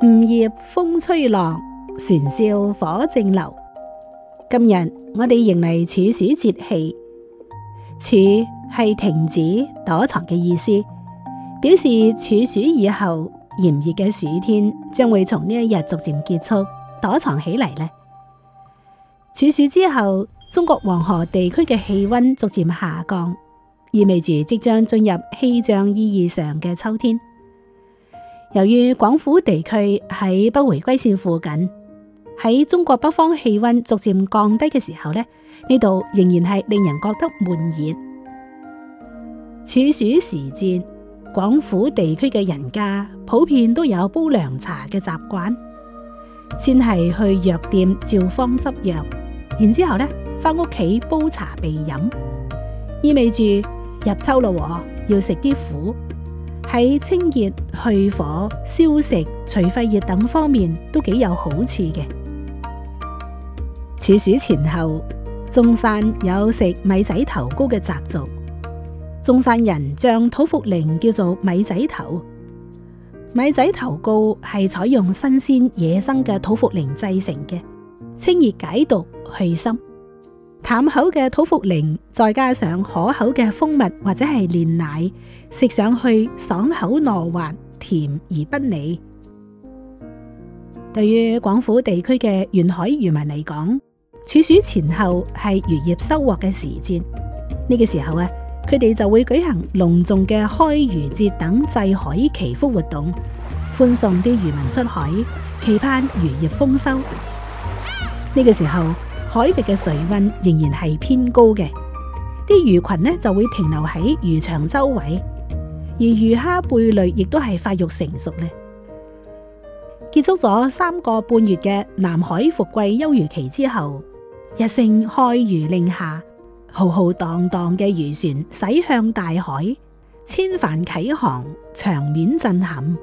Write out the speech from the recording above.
梧葉風吹浪，船笑火正流。今日我哋迎嚟處暑節氣，處係停止躲藏嘅意思，表示處暑以後炎熱嘅暑天將會從呢一日逐漸結束，躲藏起嚟呢。處暑之後，中國黃河地區嘅氣溫逐漸下降，意味住即將進入氣象意義上嘅秋天。由於廣府地區喺北回歸線附近，喺中國北方氣溫逐漸降低嘅時候呢，呢度仍然係令人覺得悶熱。處暑時節，廣府地區嘅人家普遍都有煲涼茶嘅習慣，先係去藥店照方執藥，然之後呢翻屋企煲茶備飲，意味住入秋咯、哦，要食啲苦。喺清熱去火、消食除肺熱等方面都幾有好處嘅。處暑前後，中山有食米仔頭糕嘅習俗。中山人將土茯苓叫做米仔頭，米仔頭糕係採用新鮮野生嘅土茯苓製成嘅，清熱解毒，去濕。淡口嘅土茯苓，再加上可口嘅蜂蜜或者係煉奶，食上去爽口糯滑，甜而不膩。對於廣府地區嘅沿海漁民嚟講，處暑前後係漁業收穫嘅時節，呢個時候啊，佢哋就會舉行隆重嘅開漁節等祭海祈福活動，歡送啲漁民出海，期盼漁業豐收。呢個時候。海域嘅水溫仍然係偏高嘅，啲魚群呢就會停留喺漁場周圍，而魚蝦貝類亦都係發育成熟咧。結束咗三個半月嘅南海伏季休漁期之後，日盛開漁令下，浩浩蕩蕩嘅漁船駛向大海，千帆啟航，場面震撼。